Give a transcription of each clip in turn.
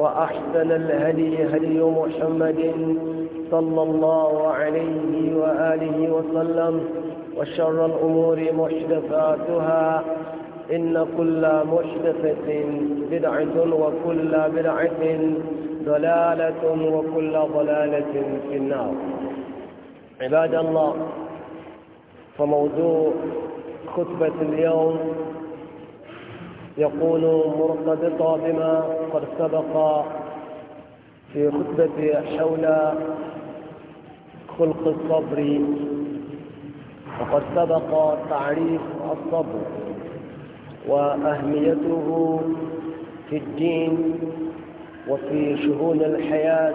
وأحسن الهدي هدي محمد صلى الله عليه وآله وسلم وشر الأمور محدثاتها إن كل محدثة بدعة وكل بدعة ضلالة وكل ضلالة في النار عباد الله فموضوع خطبة اليوم يقول مرتبطا بما قد سبق في خطبته حول خلق الصبر وقد سبق تعريف الصبر وأهميته في الدين وفي شؤون الحياة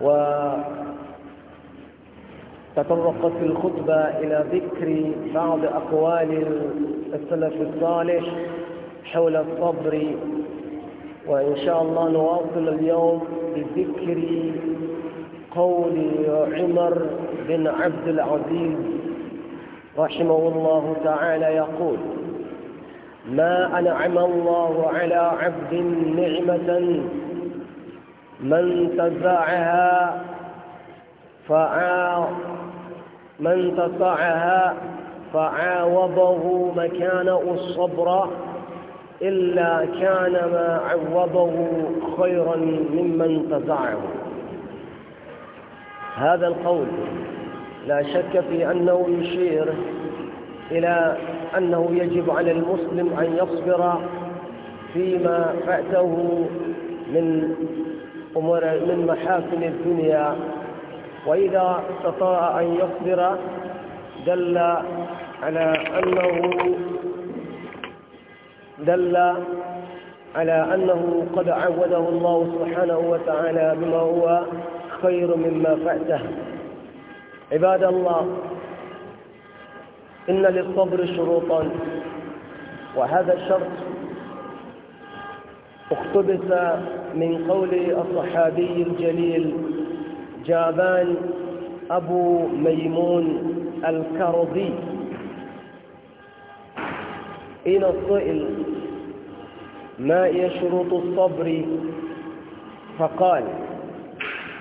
وتطرقت الخطبة إلى ذكر بعض أقوال السلف الصالح حول الصبر وإن شاء الله نواصل اليوم بذكر قول عمر بن عبد العزيز رحمه الله تعالى يقول ما أنعم الله على عبد نعمة من تزعها فعا من تصعها فعاوضه مكانه الصبر إلا كان ما عوضه خيرا ممن تزعه هذا القول لا شك في أنه يشير إلى أنه يجب على المسلم أن يصبر فيما فأته من أمور من محاسن الدنيا وإذا استطاع أن يصبر دل على أنه دل على أنه قد عوده الله سبحانه وتعالى بما هو خير مما فعته عباد الله إن للصبر شروطا وهذا الشرط اقتبس من قول الصحابي الجليل جابان أبو ميمون الكرضي إلى الصئل ما هي شروط الصبر فقال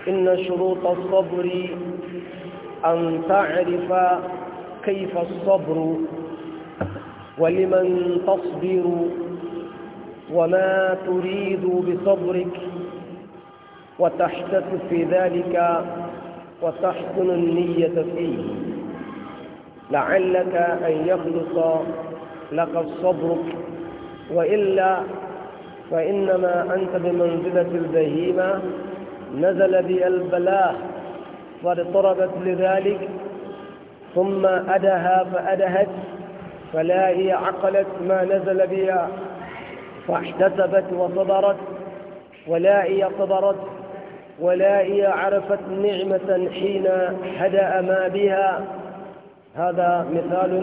إن شروط الصبر أن تعرف كيف الصبر ولمن تصبر وما تريد بصبرك وتحتسب في ذلك وتحسن النية فيه لعلك أن يخلص لك الصبر وإلا فإنما أنت بمنزلة البهيمة نزل بها البلاء فاضطربت لذلك ثم أدها فأدهت فلا هي عقلت ما نزل بها فاحتسبت وصبرت ولا هي صبرت ولا هي عرفت نعمة حين هدأ ما بها هذا مثال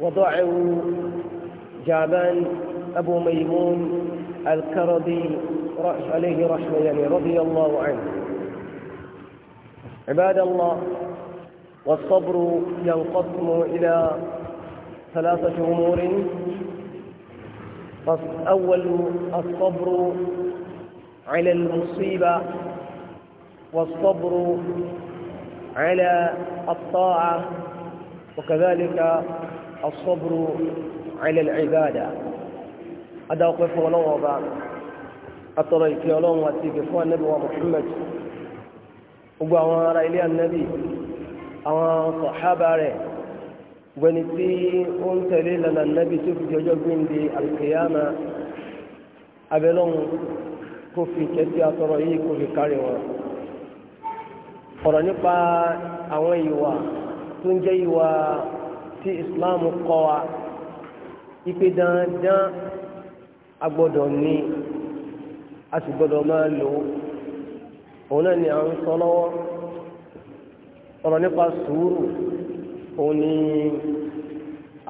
وضعوا جابان أبو ميمون الكردي عليه رحمة يعني رضي الله عنه عباد الله والصبر ينقسم إلى ثلاثة أمور أول الصبر على المصيبة والصبر على الطاعة وكذلك الصبر على العبادة هذا وقف ولو وضع أطريك ولو واتيك فهو النبي ومحمد وقال إلي النبي أو صحابة ونسي أنت لنا النبي شوف جوجو بندي القيامة أبلون كفي كتي أطريك كفي كاريوان ọ̀rọ̀ nípa àwọn ìwà tí islam kọ́ wa ipe dandan a gbọ́dọ̀ ní a sì gbọ́dọ̀ máa lò ó òun náà ni à ń sọ lọ́wọ́ ọ̀rọ̀ nípa sùúrù òun ni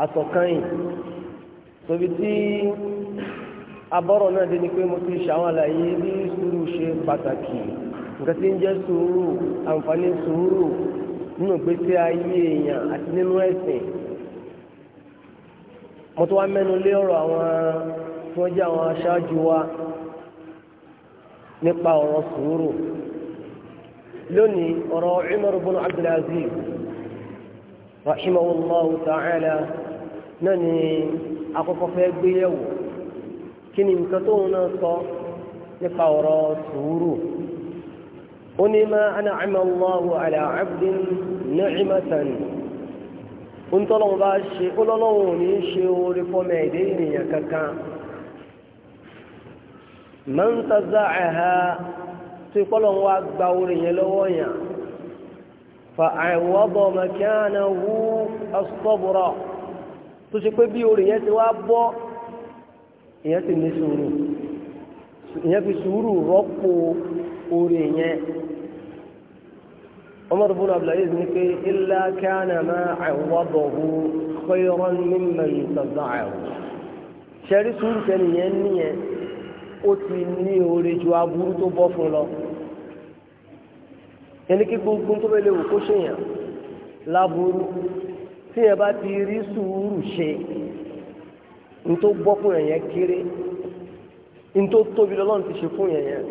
asọ̀kányìn tóbi tí abọ́rọ̀ náà dé ni pé mo ti ṣàwọn àlàyé bí sùúrù ṣe pàtàkì nǹkan tí ń jẹ́ sùúrù àǹfààní sùúrù nínú ìgbésí ayé èèyàn àti nínú ẹ̀sìn mo tó wá mẹ́nu lé ọ̀rọ̀ àwọn tí wọ́n jẹ́ àwọn aṣáájú wa nípa ọ̀rọ̀ sùúrù lónìí ọ̀rọ̀ Umar ibn Abdul Aziz rahimahullahu ta'ala náà ni akọ́kọ́ fẹ́ gbéyẹ̀wò kí ni nǹkan tóun náà sọ nípa ọ̀rọ̀ sùúrù. قل ما أنعم الله على عبد نعمة قلت لهم باشي قل لهم يشيو لفميدين يككا من تزعها تقول لهم وأكبرين لويا فعوض مكانه الصبر تشكو بيوري يتوابو يتنسورو يتنسورو ربو أوري يتنسورو عمر بن عبد العزيز نكي إلا كان ما عوضه خيرا ممن تضعه ṣẹ́rí sùúrù tẹ́nìyẹn níyẹn ó ti ní oore ju aburú tó bọ́ fún lọ ẹni kí gbogbo tó bẹ́ẹ̀ lè wò kó ṣèyàn láburú tí ẹ bá ti rí sùúrù ṣe ní tó bọ́ fún ẹ̀yẹn kéré ní tóbi lọ́lọ́run ti ṣe fún ẹ̀yẹn.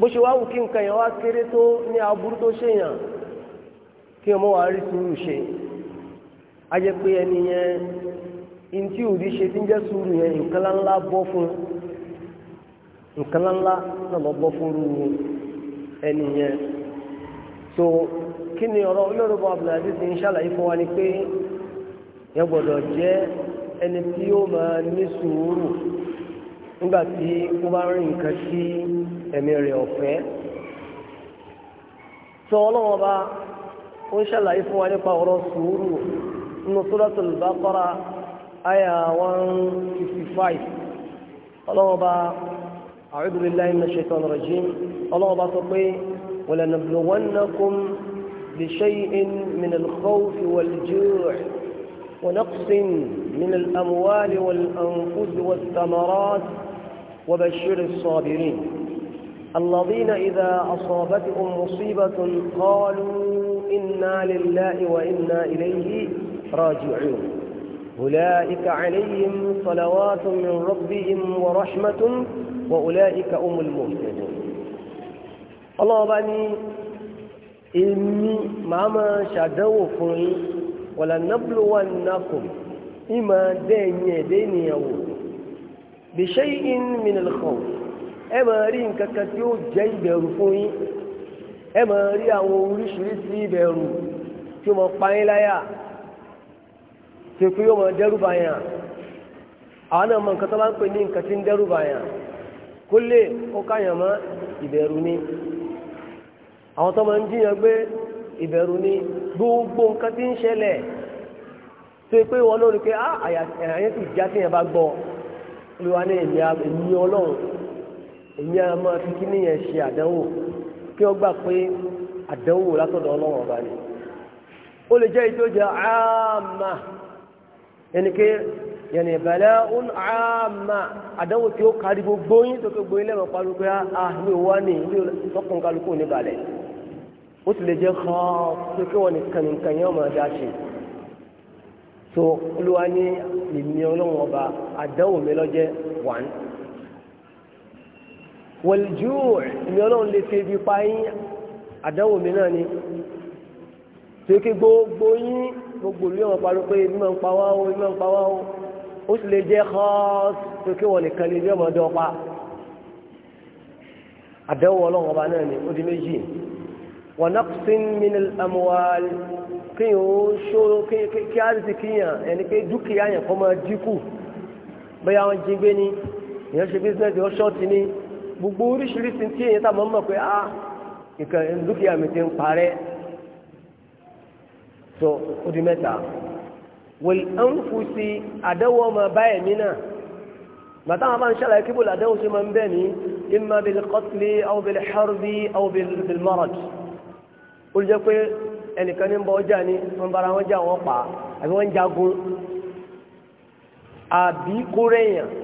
bó ṣe wá wù kí nǹkan yẹn wá kéré tó ní aburú tó ṣèyàn kí ọmọ wa rí sùúrù ṣe a jẹ pé ẹni yẹn òdi ṣe ti ń jẹ sùúrù yẹn nǹkan ńlá fún nǹkan ńlá náà lọ so kí ni ọ̀rọ̀ olórúkọ na ti ń ṣàlàyé fún wa ni pé yẹn gbọ́dọ̀ jẹ́ ẹni tí ó máa ní sùúrù nígbà tí ó ẹ̀mí rẹ̀ ọ̀fẹ́ tó ọlọ́wọ́n bá ó ń ṣàlàyé fún wa nípa ọ̀rọ̀ sùúrù nínú Suratul Baqara àyà one fifty five ọlọ́wọ́n bá a'udhu billahi minash shaitanir rajim ọlọ́wọ́n bá sọ pé walanabluwannakum بشيء من الخوف والجوع ونقص من الأموال والأنفس والثمرات وبشر الصابرين الذين إذا أصابتهم مصيبة قالوا إنا لله وإنا إليه راجعون أولئك عليهم صلوات من ربهم ورحمة وأولئك هم المهتدون الله بني إني ماما شدوكم ولنبلونكم إما دنيا دنيا بشيء من الخوف ẹ máa rí nǹkan kan tí ó jẹ́ ìbẹ̀rù fún yín ẹ máa rí àwọn oríṣiríṣi ìbẹ̀rù tí ó máa pa yín láyà tí pé yóò máa dẹ́rù bà yàn àwọn náà mọ nǹkan tó bá ń pè ní nǹkan tí ń dẹ́rù bà yàn kó lè kó káyàn mọ́ ìbẹ̀rù ni àwọn tó máa ń jiyàn gbé ìbẹ̀rù ni gbogbo nǹkan tí ń ṣẹlẹ̀ tó pé wọn lórí pé ah, àyà ẹ̀yìn ti já sí yẹn bá gbọ́ olùwà ní èmi ọlọ́run èyí á máa fi kí nìyẹn ṣe àdánwò kí wọ́n gbà pé àdánwò látọ̀dọ̀ ọlọ́run ọba ni ó lè jẹ́ ìtó jẹ́ àmà yẹni pé yẹni ìbẹ̀lẹ̀ ń àmà àdánwò tí ó kárí gbogbo yín tó tó gbogbo yín lẹ́mọ̀ parí pé ah, ah mi ò wá ní ilé tọkùn kálukú níbalẹ̀ ó sì lè jẹ́ kọ́ pé kí wọ́n ní kànìkan ọmọ ẹja ṣe so olúwa ní ìmí ọlọ́run ọba àdánwò mi lọ́jẹ́ wàn wọ̀lìjúù ìmì ọlọ́run lè fi ibi pa yín àdánwò mi náà ni tí ó kí gbogbo yín gbogbo ilé wọn parí pé ibi máa ń pa wá o ibi máa ń pa wá o ó sì lè jẹ́ xọ́ọ́s tó kí wọ́n nìkan lè ní ọmọdé ọpa àdánwò ọlọ́run gbogbo oríṣiríṣi tí èyí táwọn mọ̀ pé ah nǹkan dúkìá mi ti ń parẹ́ tó ó di mẹ́ta wòl ẹnfùsì àdánwò ọmọ báyìí mi náà bàtà wọn bá ń ṣàlàyé kíbò làdánwò ṣe máa ń bẹ̀ ní imma bil qatli aw bil harbi aw ó lè jẹ́ pé ẹnìkan ní ń bọ ọjà ni wọn bára wọn jà wọn pa àbí wọn jagun àbí kórèèyàn.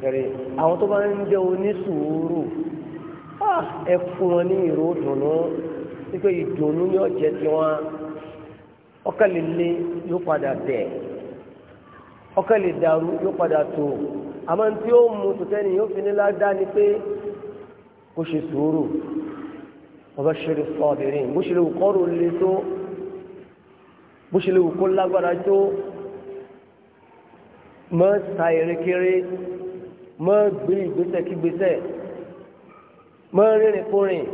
kẹrẹ àwọn tó bá ń jẹ́ onísùúrù ẹ fún wọn ní ìró dùnú wípé ìdùnnú ni ọ̀jẹ̀ tiwọn ọ̀kàlélẹ́ yóò padà bẹ̀ ọ̀kàlẹ̀ dàrú yóò padà tó àmọ́ tí ó mú tòtẹ́ni yóò fi nílá dá ni pé kó ṣe sùúrù ọba ṣeré sọ́ọ̀bìrín bó ṣe lè wù kọ́rù lé tó bó ṣe lè wù kó lágbára tó mọ́ sa erékeré má gbé ìgbésẹ̀ kí gbésẹ̀ má rìnrìn kúrìn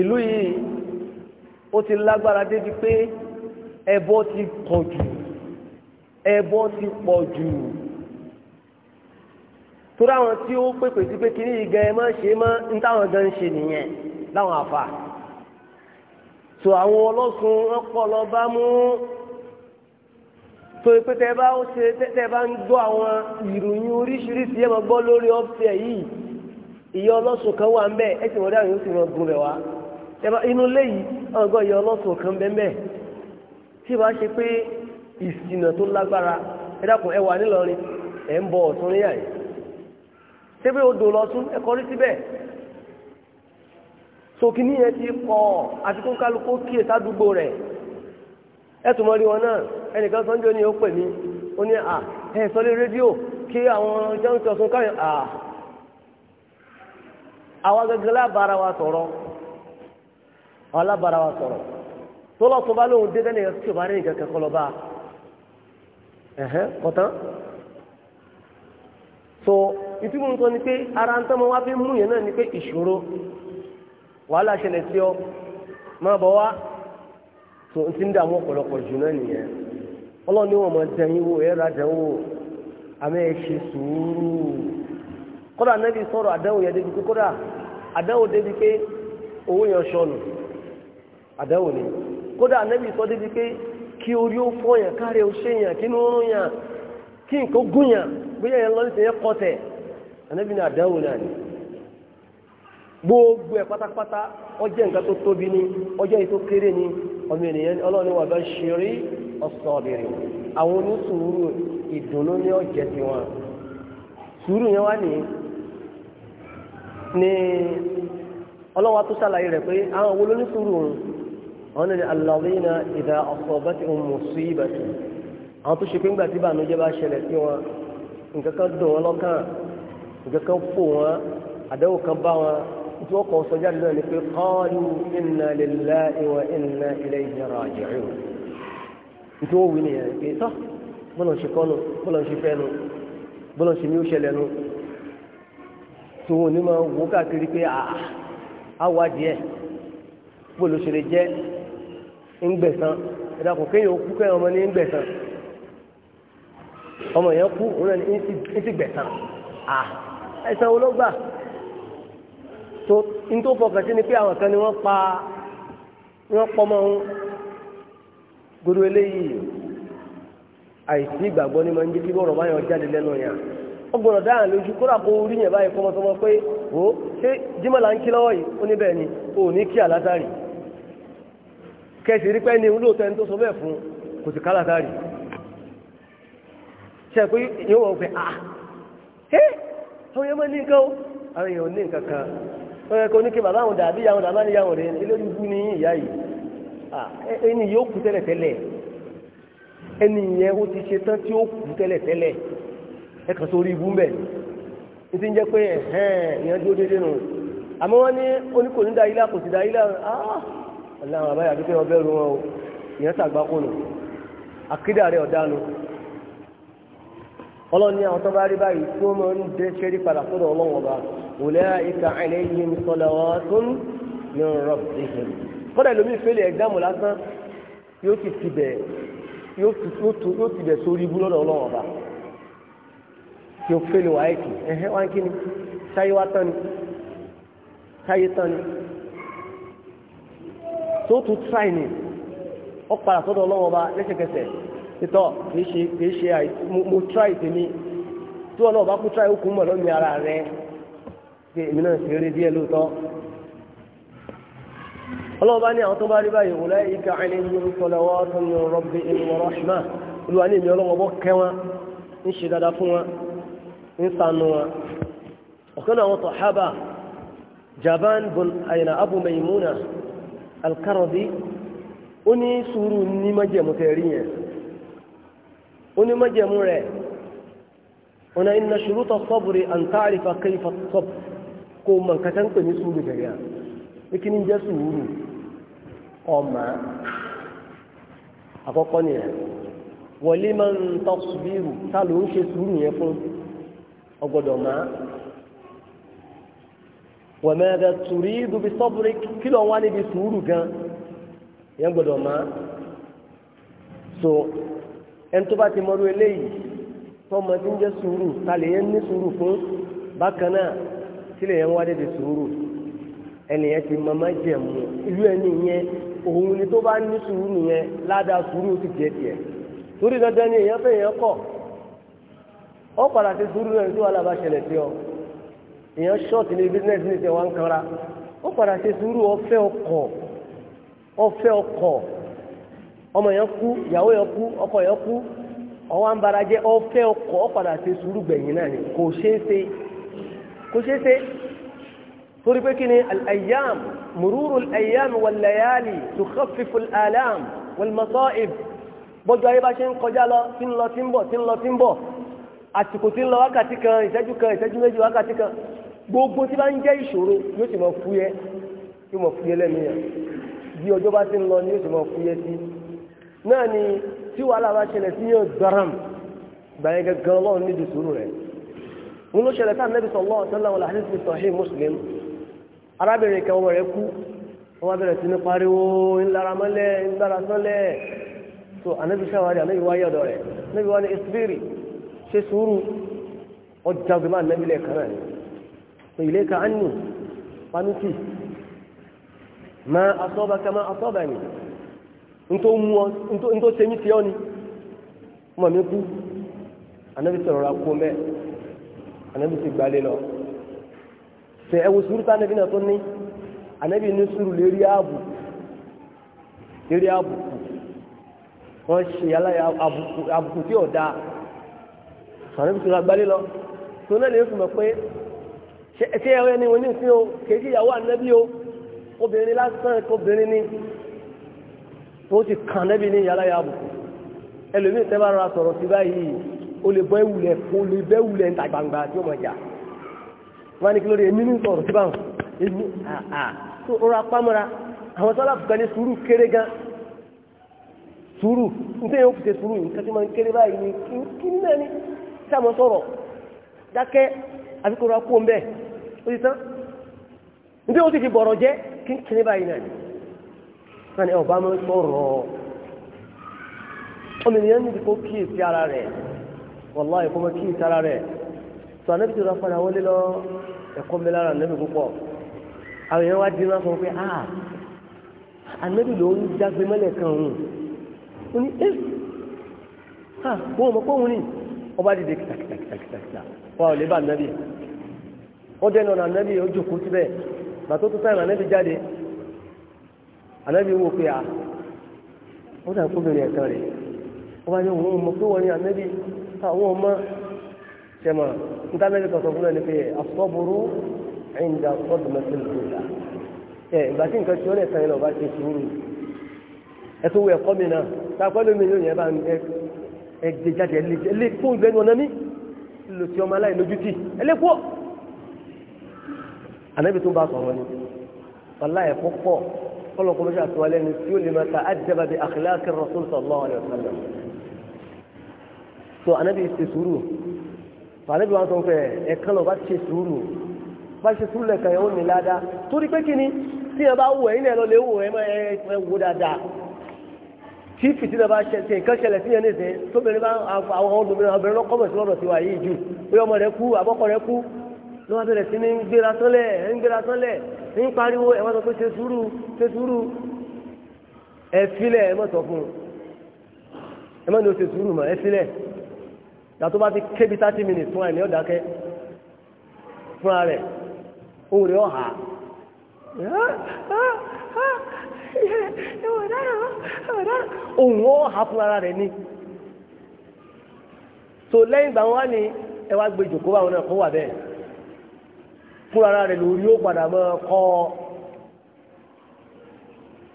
ìlú yìí ó ti lágbára débi pé ẹbọ ti pọ̀ jù ẹbọ ti pọ̀ jù torí àwọn tí ó pèpè sí pé kiri ìgẹ ẹ máa ṣe máa ń táwọn gan ṣe nìyẹn láwọn àfà so àwọn ọlọ́sùn ọpọlọ bá mú tó pé tẹ bá ń ṣe tẹ bá ń gbọ́ àwọn ìròyìn oríṣiríṣi ẹ̀ máa gbọ́ lórí ọ̀fẹ́ yìí ìyá ọlọ́sùn kan wà ń bẹ̀ ẹ sì wọ́n dáhùn yóò sì máa gun rẹ̀ wá inú léyìí àwọn ọgọ́ ìyá ọlọ́sùn kan bẹ́ẹ̀ bẹ́ẹ̀ tí ìbá ṣe pé ìsìnà tó lágbára ẹ dákun ẹ wà nílọrin ẹ ń bọ ọ̀tún níyà yìí ṣébí odò lọ́tún ẹ kọrí síbẹ̀ sókì níyẹn ti pọ̀ àti kíyè sádùúgbò rẹ̀ ẹ̀tùmọ̀ rí wọn náà ẹnìkan sọ́njọ́ ni ó pè mí ó ní à ẹ̀ sọ lé rédíò kí àwọn jẹun tí ọ̀sùn káyọ̀ à àwọn gẹ́gẹ́ lábára wa sọ̀rọ̀ àwọn lábára wa sọ̀rọ̀ tó lọ́sùn bá lóhun dé dẹ́nìyàn tí ò bá rí nǹkan kẹ́kọ̀ọ́ lọ kọ̀tán so ìtumọ̀ nǹkan ni pé ara ń tán mọ́ wá fi mú yẹn náà ni pé ìṣòro wàhálà ṣẹlẹ̀ sí ọ máa bọ̀ wá so ń ti ń dààmú ọ̀pọ̀lọpọ̀ jù náà nìyẹn ọlọ́run ní wọn mọ ra àmì ẹ̀ sùúrù kódà nẹ́bí sọ̀rọ̀ àdánwò yẹn débi pé kódà àdánwò débi pé owó yẹn ni nẹ́bí sọ débi pé kí orí ó fọ́ yẹn ó ṣe yẹn kí yẹn kí nǹkan gún yẹn yẹn lọ ànẹ́bí náà ni gbogbo ẹ̀ pátápátá nǹkan tó tóbi ọmọ ènìyàn ọlọ́ni wà bá ṣe rí ọ̀sán ọ̀bìnrin àwọn onísùúrù ìdùnnú ní ọ̀jẹ̀ sí wọn sùúrù yẹn wá ní ní ọlọ́wà tó ṣàlàyé rẹ̀ pé àwọn owó lóní sùúrù òun àwọn ènìyàn alladhina idha asabathum musibatun àwọn tó ṣe pé ńgbà tí bànújẹ́ bá ṣẹlẹ̀ sí wọn nǹkan kan dùn wọn lọ́kàn nǹkan kan fò wọn àdéhùn kan bá wọn tí wọ́n kọ́ sọ jáde náà ni pé qalu inna lillahi wa inna ilayhi raji'un tí wọ́n wí nìyẹn pé tọ́ bọ́lá ń ṣe kọ́ nu bọ́lá ń ṣe fẹ́ nu bọ́lá ń ṣe ní ó ṣẹlẹ̀ nu tí wọ́n ní máa wò káàkiri pé àwa díẹ̀ bọ́lá ṣe lè jẹ́ ńgbẹ̀sán ẹ̀dá kò kéèyàn kú kéèyàn ọmọ ní ńgbẹ̀sán ọmọ yẹn kú òun náà ní ń ti gbẹ̀sán àìsàn olóògbà so n tó fọkàn sí ni pé àwọn kan ni wọ́n pa wọ́n pọ́mọ́ ń gbọdọ̀ eléyìí àìsí ìgbàgbọ́ ni máa ń jẹ́ kí bọ́ọ̀rọ̀ báyọ̀ jáde lẹ́nu yàn ó gbọ́dọ̀ dáhà lójú kó rà kó rí yẹn báyìí kọ́mọ́tọ́mọ́ pé wò ó ṣé jimá ń kí lọ́wọ́ yìí ó ní ni ní kí kẹsì rí pẹ́ ni tó sọ bẹ́ẹ̀ fún kò sì kálátàrí ah, ṣe o àwọn ò ní ó yẹ kó ní kí bàbá àwọn dàbí yàwọn dàbá ní yàwọn rẹ ní lórí ibú ní ìyá yìí ẹni yóò kú tẹ́lẹ̀tẹ́lẹ̀ ẹni yẹn ó ti ṣe tán tí ó kú tẹ́lẹ̀tẹ́lẹ̀ ẹ kàn sórí ibú mbẹ ní ti ń jẹ́ pé ẹ̀hẹ́n ìyẹn dúró déédéé nù àmọ́ wọ́n ní oníkò ní dáilá kò sí dáilá aláwọ̀ àbáyà dúpẹ́ ọbẹ̀ ru wọn o ìyẹn sàgbákò nù àkídà rẹ̀ ọ̀dá ọlọ́ni àwọn tó bá rí báyìí tí wọ́n máa ń dé ṣẹ́rí padà sọ́dọ̀ ọlọ́wọ́n bá ulaika alayhim salawatun min rabbihim kọ́dà ìlú mi fẹ́lẹ̀ ẹ̀gbámù lásán yóò ti tibẹ̀ yóò tibẹ̀ sórí ibú lọ́dọ̀ ọlọ́wọ́n bá tí ó fẹ́lẹ̀ wáyé kì ẹ̀hẹ́ wá ń kí ni táyé wá tán ni táyé tán ni tó tún tíráì ni ó padà sọ́dọ̀ ọlọ́wọ́n bá lẹ́sẹ̀kẹsẹ̀ títọ́ kìí ṣe kìí ṣe mo try tèmi tí wọn náà bá kú try okùn mọ̀ lómi ara rẹ pé èmi náà ṣe díẹ̀ lóòótọ́ ọlọ́run bá ní àwọn tó bá rí báyìí ika ẹni ní tó ní olúwa ní èmi ọlọ́run ọbọ̀ kẹ́ wọn ń ṣe dáadáa fún wọn ń onímọ̀jẹ̀mú rẹ̀ ọ̀nà inna shuruta sabri an ta'rifa kayfa sabr ko mọ̀ nǹkan tán pè ní sùúrù gẹ̀gẹ̀ ní kí ní jẹ́ sùúrù ọmọ àkọ́kọ́ ni sururu ya tasbiru tá ló ń fún wa madha turidu bi sabri kí lọ bi níbi gan ya gbọ́dọ̀ ma so ẹni tó bá ti mọrú eléyìí tọmọ tí ń jẹ sùúrù talẹ yẹn ní sùúrù fún bákan náà tílẹ̀ yẹn wá dédé sùúrù ẹni yẹn ti mọmọ jẹmu ìlú ẹni yẹn òun ni tó bá ní sùúrù yẹn ládàá sùúrù ti jẹ tiẹ̀ torí dandan ni èèyàn fẹ́ èèyàn kọ̀ ọ padà sí sùúrù náà tí wàhálà bá ṣẹlẹ̀ sí èèyàn ṣọ́ọ̀tì ní bísíǹnẹ̀sì ní ìṣẹ̀wá ń kanra ó padà sí sùúrù ọ̀fẹ́ ọkọ̀ ọ̀fẹ́ ọkọ̀ ọmọ yẹn kú ìyàwó yẹn kú ọkọ yẹn kú ọwọ́ ń bara jẹ́ ọfẹ́ ọkọ̀ ọ̀padà ti sùúrù gbẹ̀yìn náà ni kò ṣeé ṣe kò ṣeé ṣe torí pé kí ni al mururu al-ayyam wal-layali alam wal-masa'ib ayé bá ṣe ń kọjá lọ tí ń lọ tí ń bọ̀ tí ń lọ tí ń bọ̀ àsìkò tí ń lọ wákàtí kan ìṣẹ́jú kan ìṣẹ́jú méjì wákàtí kan gbogbo tí bá ń jẹ́ ìṣòro yóò sì mọ̀ fúyẹ́ yóò mọ̀ fúyẹ́ lẹ́nu bí ọjọ́ bá ti ń lọ ni yóò sì mọ̀ fúyẹ́ sí i náà ni tí wàhálà bá ṣẹlẹ̀ sí yóò gbáram gbàyẹn gẹ́gẹ́ ọlọ́run níbi sùúrù rẹ̀ wọn ló ṣẹlẹ̀ sáà nẹ́bí sọ̀lọ́ ọ̀tọ́lá wọn làhálí sí sọ̀hí muslim arábìnrin kan wọ̀ rẹ̀ kú wọn bẹ̀rẹ̀ sí ní pariwo ńlára mọ́lẹ̀ ńlára sọ́lẹ̀ so anabi ṣàwárí anabi wáyé ọ̀dọ̀ rẹ̀ anabi wá ní isbiri ṣe sùúrù ọjà gbẹmọ anabi lẹ́ẹ̀kan náà ni ilé ka anni panuti ma asọ́ba kama asọ́ba ni ntó mú ọ ntó ṣe ni mi kú anabi sọ̀rọ̀ ra kú mẹ́ anabi gbalẹ̀ lọ sùúrù tá anabi náà tó ní anabi ní sùúrù lérí ààbò lérí àbùkù wọ́n ṣe aláya àbùkù tí ò dáa anabi sọ̀rọ̀ gbalẹ̀ lọ tó náà lè fún mi pé ṣe ẹni ní ìsìn o ìyàwó anabi o obìnrin lásán obìnrin ni. ó ti kàn nẹ́bí ní yàrá yà ẹlòmí ìtẹ́bà sọ̀rọ̀ sí báyìí ó lè bọ́ ìwùlẹ̀ o lè bẹ́ ìwùlẹ̀ gbangba tí ó mọ̀ jà wọ́n ní kí lórí èmi ní sọ̀rọ̀ sí báwọn èmi àà tó rọra pamọ́ra gan sùúrù nítorí ó o sùúrù nǹkan máa ń kéré báyìí ní kí ní sọ̀rọ̀ dákẹ́ ti wọn ni ẹ ò bá máa sọ̀rọ̀ ọmọ ènìyàn níbi kó kíyèsí ara rẹ̀ wàláhì kó máa kíyèsí ara rẹ̀ tó ànábì tó rán padà wọlé lọ ẹ̀kọ́ mi lára ànábì púpọ̀ àwọn èèyàn wá dín náà sọ pé ah ànábì ló ń jágbe mọ́lẹ̀ kan òun ó ní ẹ́ ah eh, wọ́n mọ̀ pé òun ni ọba dìde kìtàkìtàkìtàkìtà wọ́n ò lè bá ànábì ó dẹ́nu ọ̀nà ànábì ó jòkó síbẹ̀ bàtó tó sáyẹn jáde ànábì wò pé à ah, ó dà kó bẹ̀rẹ̀ ẹ̀kan rẹ̀ ó bá ní òun mọ̀ pé wọ́n ní ànábì àwọn ọmọ ṣẹ̀mọ̀ níta kan sọ fún ẹni pé àfọ́bùrú ẹ̀yìndà fọ́dùmẹ́sìn kúta ẹ̀ ìgbà tí nǹkan tí ó lẹ̀ kan lọ bá ṣe sùúrù ẹ tó ẹ̀kọ́ mi náà tápẹ́ lómi yóò yẹn bá ń ẹgbẹ́ jáde ẹlẹ́ fún ìgbẹ́nu ọ̀nà mi lò sí ọmọ aláìlójútì ẹlẹ́ kọ́lọ̀ kó lóṣà tó alẹ́ ni tí ó lè máa ta àjẹbà bí akhlaqi rasul sallallahu alayhi wa sallam tó anabi ṣe sùúrù anabi wọn sọ pé ẹ̀ka lọ bá ṣe sùúrù bá ṣe sùúrù lẹ́ka yẹn ó ní ládàá torí pé kíni tí yẹn bá wù ẹ̀yin náà lọ lè wù ẹ̀ máa wù dáadáa tí fìtínà bá ṣe nǹkan ṣẹlẹ̀ sí yẹn ní tóbi ní bá àwọn ọmọdé obìnrin lọ́kọ́mọ̀ sí lọ́dọ̀ tiwa yìí ju bóyá ọmọ rẹ kú àbọ́kọ rẹ kú ló wá bẹ̀rẹ̀ sí ní ń gbéra sọ́lẹ̀ ń gbéra sọ́lẹ̀ ń pariwo ẹ̀ wọ́n sọ pé ṣe sùúrù ṣe sùúrù ẹ filẹ̀ ẹ mọ̀ sọ fún un ẹ mọ̀ ní o ṣe sùúrù mọ̀ ẹ filẹ̀ yàtọ̀ bá ti kébi thirty minutes fún àìní ọ̀dàkẹ́ fúnra rẹ̀ òun rẹ̀ ọ̀hà òun ọ̀hà fúnra rẹ̀ ni so lẹ́yìn ìgbà wọn wá ní ẹ wá gbé jòkó báwọn náà kó wà bẹ́ẹ̀. ara rẹ̀ lórí ó padà mọ́ kọ́ ọ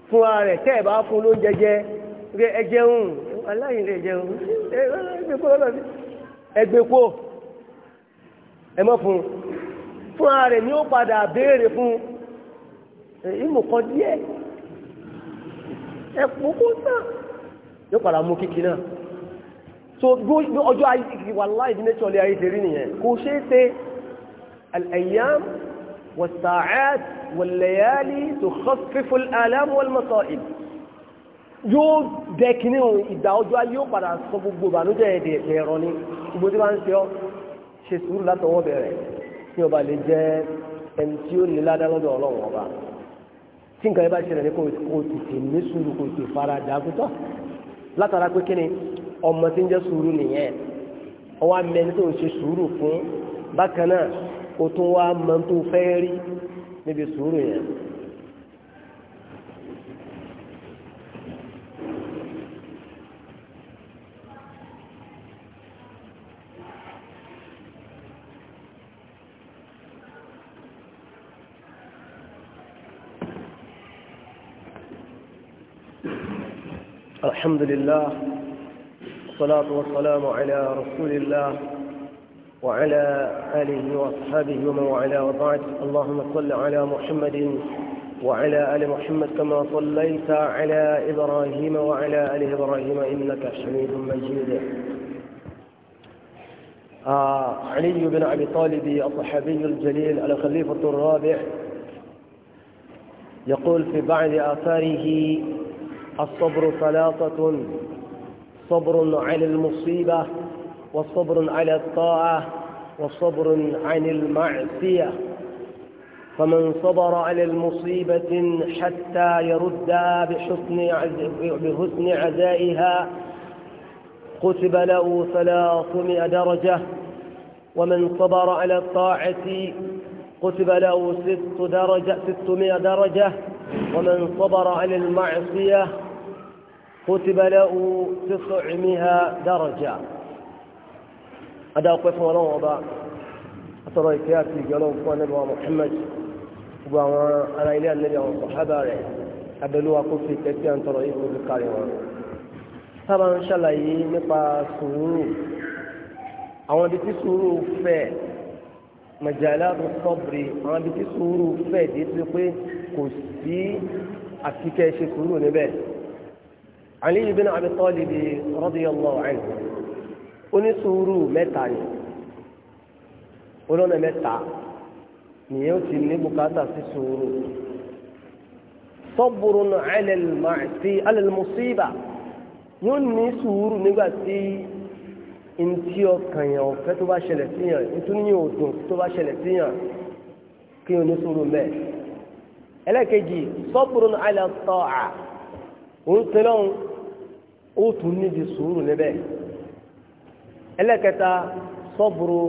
fún rẹ̀ tẹ́ ẹ̀ bá fún ló ń jẹjẹ rẹ ẹjẹun aláìní rẹ ẹgbẹ́kó fún fúnra rẹ̀ ni ó padà béèrè fún ìmùkọ́ díẹ̀ náà yóò padà mú náà so ọjọ́ ayé wà ayé ti rí nìyẹn kò ṣeé ṣe الأيام والساعات والليالي تخفف الآلام والمصائب yóò dẹ kínní o ìdá ọjọ́ ayé ó padà sọ gbogbo ìbànújẹ́ èdè ẹ̀rọ ni gbogbo tí wọ́n ń ṣe ọ́ ṣe sùúrù látọwọ́ bẹ̀rẹ̀ tí ọba lè jẹ́ ẹni tí ó lè ládá lọ́dọ̀ ọlọ́run ọba tí nǹkan yẹn bá ṣẹlẹ̀ ní kò tètè ní sùúrù kò tètè fara dàgùtọ̀ látara pé kínní ọmọ tí ń jẹ́ sùúrù nìyẹn ọwọ́ amẹ́ni tó ń ṣe sùúrù fún bákan náà ó tún wá mọ tó fẹ́ rí níbi sùúrù yẹn. الحمد لله والصلاة والسلام على رسول الله وعلى آله وأصحابه ومن وعلى وبعد اللهم صل على محمد وعلى آل محمد كما صليت على إبراهيم وعلى آل إبراهيم إنك حميد مجيد آه علي بن أبي طالب الصحابي الجليل الخليفة الرابع يقول في بعض آثاره الصبر ثلاثة صبر على المصيبة وصبر على الطاعة وصبر عن المعصية فمن صبر على المصيبة حتى يردها بحسن بحسن عزائها كتب له ثلاثمائة درجة ومن صبر على الطاعة كتب له ست درجة ستمائة درجة ومن صبر على المعصية كتب له تسعمائة درجة adáwọ̀pẹ́ fún ọlọ́run ọba àtọ̀rọ̀ ìfẹ́ àti ìjọlọ́run fún ànábì wa Muhammad gbogbo àwọn ará ilé ànábì àwọn sàhábà rẹ̀ abẹ́lúwa kó fi ìtẹ́tí à ń tọrọ yìí lórí kárí wọn. sábà ń ṣàlàyé nípa sùúrù àwọn ibi tí sùúrù fẹ́ màjàlá tó sọ́bìrì àwọn ibi tí sùúrù fẹ́ dé ti pé kò sí àfikẹ́ ṣe sùúrù níbẹ̀. Ali ibn Abi Talib radiyallahu anhu onísùúrù mẹ́ta ni olóńgbò mẹ́ta nìyẹn ó ti ní bùkátà sí sùúrù sọ́bùrún alẹ́lmọ̀sí alẹ́lmọ̀síbà yóò ní sùúrù nígbà tí ntí ọkàn yẹn ọ̀fẹ́ tó bá ṣẹlẹ̀ síyàn ntúnyìn òdùn tó bá ṣẹlẹ̀ síyàn kí o ní sùúrù mẹ́ẹ̀. ẹlẹ́kejì sọ́bùrún alẹ́tọ́à òun tẹ́lẹ̀ ó tún níbi sùúrù níbẹ̀ ẹlẹ́kẹta sọ́bùrù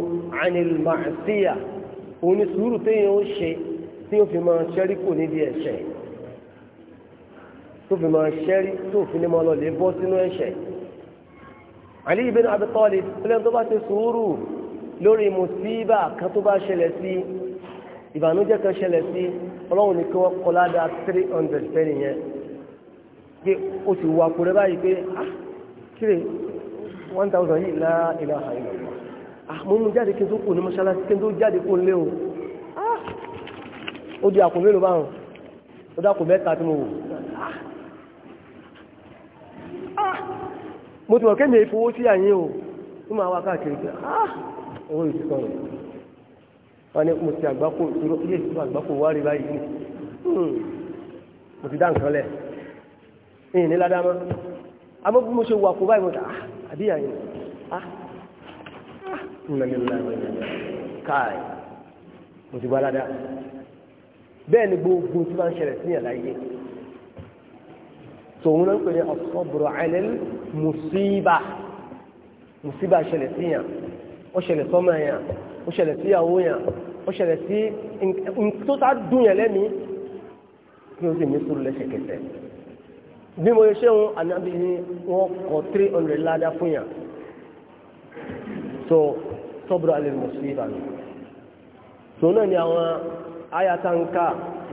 ànilmàṣíyà òun ni sùúrù téèyàn ó ṣe tí ó fi máa ṣẹ́rí kù níbi ẹ̀ṣẹ̀ tó fi máa ṣẹ́rí tó fi ní máa lọ lè bọ́ sínú ẹ̀ṣẹ̀ Ali ibn Abi Talib pẹ̀lẹ́ tó bá ṣe sùúrù lórí mùsíbà kan tó bá ṣẹlẹ̀ sí ìbànújẹ́ kan ṣẹlẹ̀ sí ọlọ́run ní kí wọ́n kọ́ ládàá three hundred fẹ́ nìyẹn pé o ti wà kúrẹ́ báyìí pé ah, kí lè one thousand yìí lá ilá àìlọ àmọ́ mú jáde kí n tó kù ní mọ́ṣáláṣí kí n tó jáde kó lé o ah, ó di àpò mélòó báwọn ó dákò mẹ́ta tí mo wò ah, ah, mo ti wọ̀ kí mi fowó sí àyín o ó máa wá káàkiri pé owó ìsìnkọ́ rẹ̀ wọ́n ní mo ti àgbákò ìṣòro ilé ìṣòro àgbákò wá rí báyìí hmm, mo ti dá nǹkan lẹ̀ ní ìnílá dáná àbí àyè ah ńlọlọlọ káì mo ti bọ́ aládàá bẹ́ẹ̀ ni gbogbo tí wọ́n ń ṣẹlẹ̀ sí yàrá yìí tòun náà ń pè ní ọ̀sọ́bùrọ̀ àìlẹ́l mùsíbà mùsíbà ṣẹlẹ̀ sí yàn ó ṣẹlẹ̀ sọ́mọ yàn ó ṣẹlẹ̀ sí ìyàwó yàn ó ṣẹlẹ̀ sí tó tá dùn yàn lẹ́mìí kí o sì ní sùúrù lẹ́sẹ̀kẹsẹ̀ bí mo ṣe ń ànábì ni wọ́n kọ three hundred ládá fún yàn so sọ́bùrọ̀ alẹ́ mọ̀ sí ìbànú so náà ni àwọn ayatanka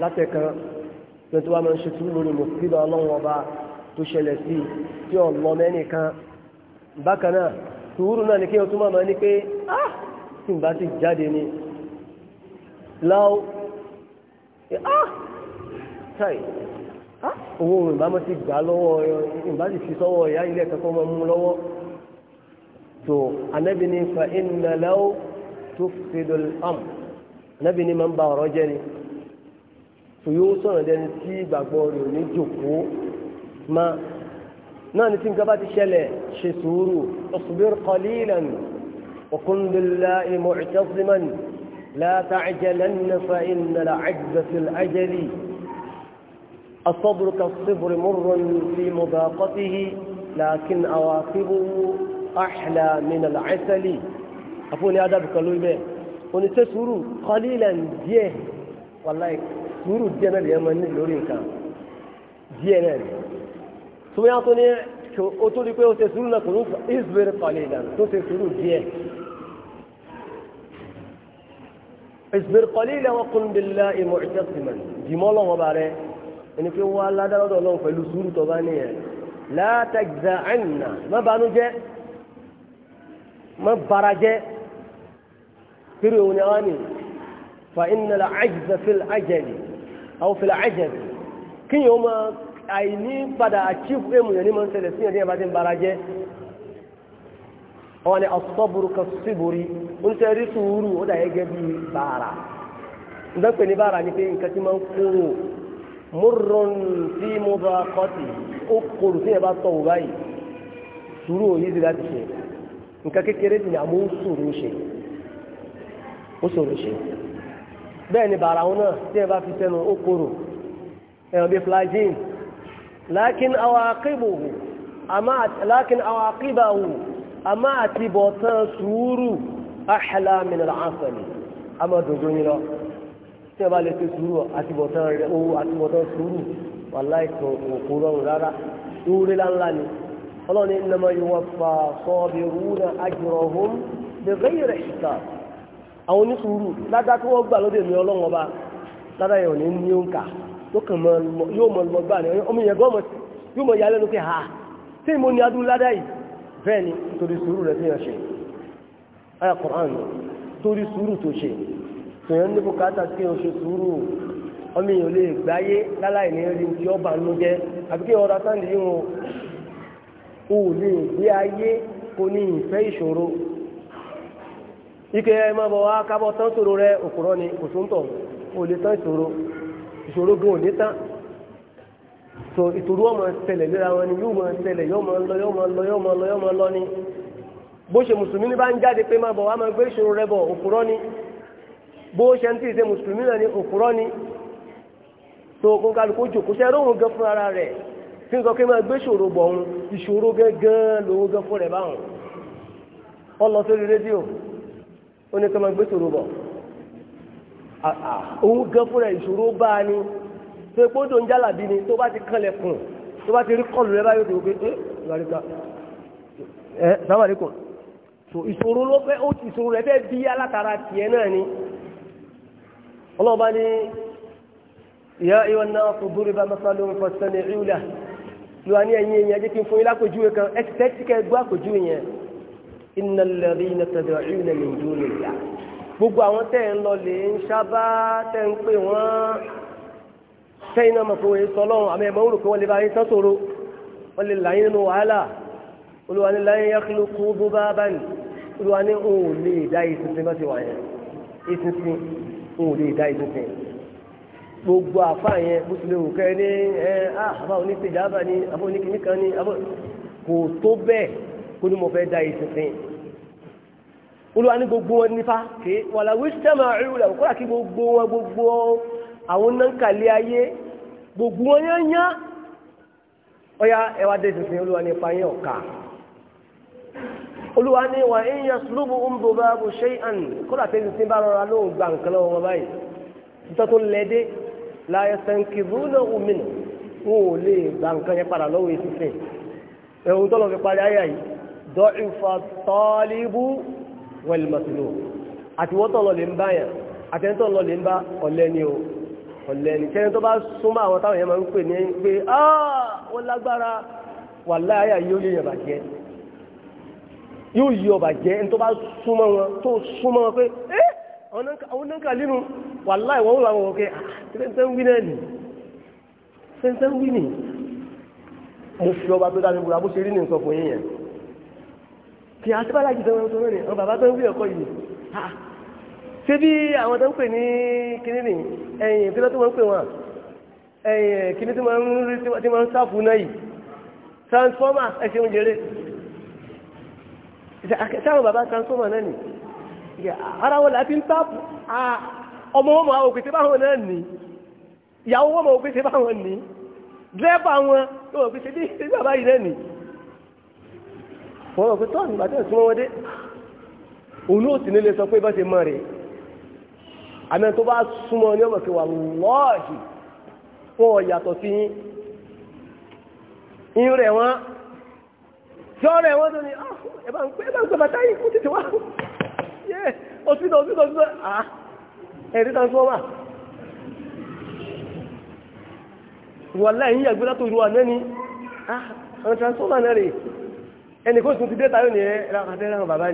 látẹ̀kan lọ́tí wàá máa ń ṣe tún lórí mọ̀ sí ìbànú ọlọ́run ọba tó ṣẹlẹ̀ sí tí ọ̀lọ́ mẹ́nìkan bákan náà sùúrù náà ni kí o tún máa ní pé ah tí n bá ti jáde ni láwọ́ ah táì owó òun ìbámu ti gbà lọ́wọ́ ìbá sì fi sọ́wọ́ ìyá ilé kankan máa mú lọ́wọ́ tó anábì ní fa iná lẹ́wọ́ tó fi dùn am anábì ní máa ń ba ọ̀rọ̀ jẹ́ ni tó yóò sọ̀rọ̀ dẹni tí ìgbàgbọ́ rẹ̀ ò ní jòkó má náà ní tí nǹkan bá ti ṣẹlẹ̀ ṣe sùúrù ọ̀sùnbíir kọ́lílan ọ̀kúndínlá ìmọ̀ ìtẹ́símọ́ni látàjẹ́lẹ́nìfà ìnàlá àjẹsìl àjẹlì. الصبر كالصبر مر في مذاقته لكن عواقبه أحلى من العسل أفوني هذا بكالوي به ونسى سورو قليلا ديه والله سورو دينا اليمن لورين كان دينا ثم يعطوني أتولي كوي وتسورو نكونو اصبر قليلا تسورو ديه اصبر قليلا وقل بالله معتصما دي مولا وبارك ẹni pé wọ́n aládàlọ́dọ̀ ọlọ́run pẹ̀lú sùúrù tó bá nìyẹn látàgbà àìnà má banú jẹ́ má bara jẹ́ kiri òun ni wọ́n ní fa iná la àjẹsẹ̀ fìlà àjẹlì àwọn fìlà àjẹlì kínyìn wọn àìní padà àchíf èmu yẹn ni mo ń ṣẹlẹ̀ sí ẹ̀dínyẹ̀ bá ti ń bara jẹ́ wọ́n ní asọ́bùrù kan síbùrì ń tẹ́ rí sùúrù ó dà yẹ gẹ́ bí bàrà ń dẹ́pẹ̀ ní bàrà ni pé nǹkan ti máa ń kúrò múrùn tí mo bá kọ́tì ó kòrò tí ẹ bá tọ̀ wò báyìí sùúrù òye ti láti ṣe nǹkan kékeré ti ní àmọ́ ó ṣòro ṣe ó ṣòro ṣe bẹ́ẹ̀ ni bàrà wọn náà tí ẹ bá fi sẹ́nu ó kòrò ẹ̀rọ̀ bíi flagin lákín àwọn akébòhù lákín àwọn akébàhù àmọ́ àti bọ̀tán sùúrù àhàlámìnà àǹfààní àmọ́ dòdò yìí lọ tí ẹ bá lè fi sùúrù àtibọ̀tán rẹ owó àtibọ̀tán sùúrù wà láìsàn òkú rọrùn rárá lórí láńlá ni ọlọ́ni innama yuwaffa sabiruna ajrahum bighayri hisab àwọn onísùúrù ládá tí wọ́n gbà lóde mi ọlọ́run ọba ládá yẹn ní ní òǹkà tó kàn mọ lọ gbà ní ọmọ yẹn gbọ́mọ yóò mọ ìyá pé ha tí mo ní adú ládá bẹ́ẹ̀ ni èèyàn ní bùkátà kí o ṣe sùúrù ọmọ èèyàn lè gbáyé láláì ní ti ọba nínú jẹ àbí kí ọ̀rọ̀ sáǹdì yìí wọn ò lè gbé ayé ike ẹ máa bọ̀ wá kábọ̀ tán ṣòro rẹ òkúrọ́ ni kò tún tọ̀ ò lè tán ìṣòro ìṣòro gan ò so ìtòrú ọmọ ṣẹlẹ̀ léra wọn ni yóò máa ṣẹlẹ̀ yóò máa lọ yóò máa lọ yóò máa ni bó ṣe mùsùlùmí ní bá ń jáde pé máa bọ̀ rẹ bọ̀ òkúrọ́ ni bó ṣe ń tí ìṣe mùsùlùmí náà ní òkúrọ́ ni tó kún kálukú jòkó ṣe róhùn gan fún ara rẹ̀ tí n sọ pé máa gbé ṣòro bọ̀ ọ̀hún ìṣòro gangan lòun gan fún rẹ̀ báwọn ọ lọ sórí rédíò ó ní kí máa gbé ṣòro bọ̀ òun gan fún rẹ̀ ìṣòro bá a ní tó epo dò ń jálàbí ni tó bá ti kanlẹ̀ kùn tó bá ti rí kọlù rẹ̀ báyìí tó gbé ẹ́ ìgbàlejò ìṣòro ló fẹ́ ó ti ìṣòro rẹ̀ fẹ́ bí alátara tiẹ̀ náà ni ọlọ́ọ̀bá ní يا ìwọ náà kò búrú bá mọ́sálù ń fọ́sẹ́ ní ìrúlà ló wà ní ẹ̀yìn ẹ̀yìn ẹ̀jẹ̀ kí n fún yín lákòjúwe kan ẹ̀ tẹ́ tí kẹ́ gbọ́ àkòjúwe yẹn iná lẹ́rí iná tẹ̀dọ̀ ìrúlà mi dúró lè yá gbogbo àwọn tẹ́ ń lọ lè ń sábà tẹ́ ń pè wọ́n sẹ́yìn náà mọ̀ pé sọ lọ́run àmì ẹ̀bọ̀n olùkọ́ wọn lè bá yín wọ́n lè là nínú wàhálà olùwà ní láyé yákìlú kú bó bá bá ní olùwà ní òun lè dá ìsinsin bá ti wà yẹn ìsinsin òun ò lè dá ìbò fẹ́ gbogbo àfa yẹn bó tilẹ̀ wò ní ẹ ah, àbá oníṣẹ́jà àbá ni àbá oníkìní kan ni àbá kò tó bẹ́ẹ̀ kó ní mo fẹ́ dá ìsinsin olúwa ní gbogbo wọn nípa ké wàlà wíṣítẹ́mà ìrúlẹ̀ kódà kí gbogbo wọn gbogbo àwọn nankàlẹ́ ayé gbogbo wọn yán yán ọ̀ya ẹ̀wà dé ìsinsin olúwa nípa yẹn ọ̀ka olúwa ní wà ń yẹ sùlùbù ń bò bá bò ṣe àn kódà tẹ́lẹ̀ tí ń bá rọra ló ń gba nǹkan lọ́wọ́ wọn báyìí títọ́ tó lẹ́dẹ́ láyé sẹ́ńkìrú náà wù mí nù wọn ò lè gba nǹkan yẹn padà lọ́wọ́ èsì sìn ẹ̀hún tọ́lọ̀ fi parí ayà yìí dọ́ìfà tọ́líbù wẹ̀lmọ̀sílò àti wọ́tọ̀lọ̀ lè ń bá yà àtẹ́ntọ̀lọ̀ lè ń bá ọ̀lẹ́ni o ọ̀lẹ́ni tẹ́ni tó bá súnmọ́ àwọn táwọn yóò yí ọba jẹ́ ẹni tó bá súnmọ́ wọn tó súnmọ́ wọn pé ẹ́ àwọn náǹkà nínú wà láì wọ́n wà wọ́n kẹ́ sẹ́ńtẹ́ńwí nì mo fi ọba tó dámi búra bó ṣe rí ní nǹkan fún yíyẹn kí a síbára jù sẹ́wọ́n tó rẹ̀ ọ bàbá tó ń wí ẹ̀kọ́ yìí ṣé bí àwọn tó ń pè ní kíní nì ẹ̀yìn kí ló tó ń pè wọn ẹ̀yìn kíní tí máa ń sáfù náà yìí transformers ẹ̀ṣẹ̀ oúnjẹ rẹ̀ sáwọn bàbá transformer náà ni ara wọn láti ń tápù ọmọ wọn máa òkè tí báwọn náà ní ìyàwó wọn máa òkè tí báwọn ní dẹ́ẹ̀bà wọn yóò òkè tí bí bàbá yìí náà ní wọ́n òkè tọ́ọ̀nù bàtẹ́ ìsúnmọ́ wọn dé òun ó sì nílé sọ pé bá ṣe mọ́ rẹ̀ àmì tó bá súnmọ́ ní ọmọ kí wà lọ́ọ̀ṣì fún ọ̀yàtọ̀ sí yín rẹ̀ Jọrọ ẹ̀wọ́n tó ní ah, ẹ̀bá ń pẹ́ ẹ̀bá ń pẹ́ bàtà yìí fún tètè wá ihe ọ̀túnlọ̀ ọ̀túnlọ̀ ẹ̀rí ah! wà láìyí àgbélá tó rúwà lẹ́ni àwọn transformer náà ah. ah! ẹni kó ti dẹ́ta yóò ní ẹ rákàtẹ́ ráhùn bàbá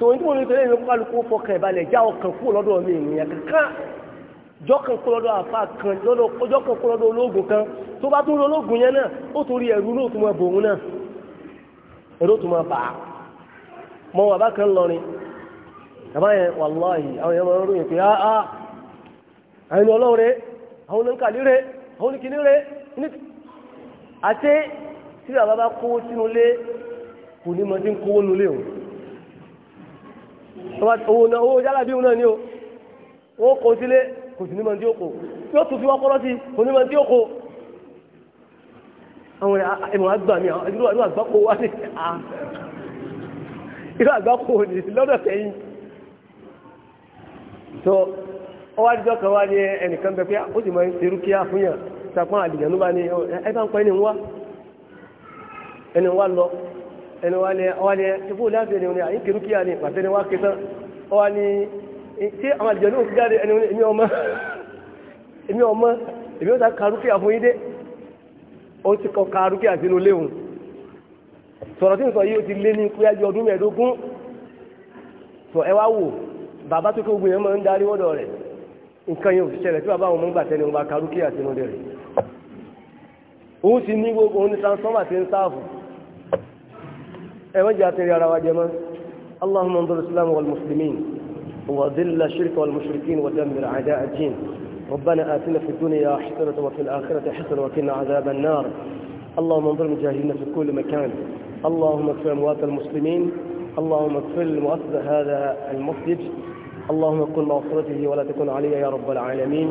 so ní n'i tẹ́lẹ̀ ìlú kálukú fọkàn ìbalẹ̀ já ọkàn kú lọ́dọ̀ mi ìrìnyàn kankan jọ́kàn kú lọ́dọ̀ àfa kan jọ́kàn kú lọ́dọ̀ kan tó bá tún lọ yẹn náà ó torí ẹ̀rú ní òtún bòun náà ẹ̀rú òtún mọ́ bà á mọ bàbá kan lọrin bàbá yẹn wàláhì àwọn yẹn máa ń ròyìn pé áá àyìn àwọn àwọn àti tí bàbá bá kówó sínú kò ní òun náà owó jálàbí òun náà ni o ó kó sílé kò sí nímọ̀ tí ó kó yóò tún fi wọ́pọ́lọ́ sí kò nímọ̀ tí ó àwọn mi àwọn ìlú wá ní ìlú àgbà ní lọ́dọ̀ sẹ́yìn tó ó wá dídọ́ kan wá ní ẹnìkan bẹ pé ah, ó sì fún yàn ẹni wá ní ọwá ní ṣíkú láti ẹni wọn àyíkè rúkìá ní pàtẹ́ ni wá ké tán ọwá ní ṣé àwọn àjọ ní òkúta ẹni èmi ọmọ èmi dé ti kọ sọ̀rọ̀ tí n sọ yìí ti lé ní kúyájú ọdún mẹ́ẹ̀ẹ́dógún sọ wò bàbá tó kó ń darí wọ́dọ̀ اوجهت يا رواج اللهم انظر الاسلام والمسلمين وذل الشرك والمشركين ودمر اعداء الدين ربنا آتنا في الدنيا حسنة وفي الآخرة حسنة وقنا عذاب النار اللهم انظر المجاهدين في كل مكان اللهم اغفر اموات المسلمين اللهم اغفر المؤسس هذا المسجد اللهم قل مغفرته ولا تكن علي يا رب العالمين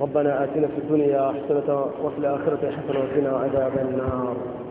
ربنا آتنا في الدنيا حسنة وفي الآخرة حسنة وقنا عذاب النار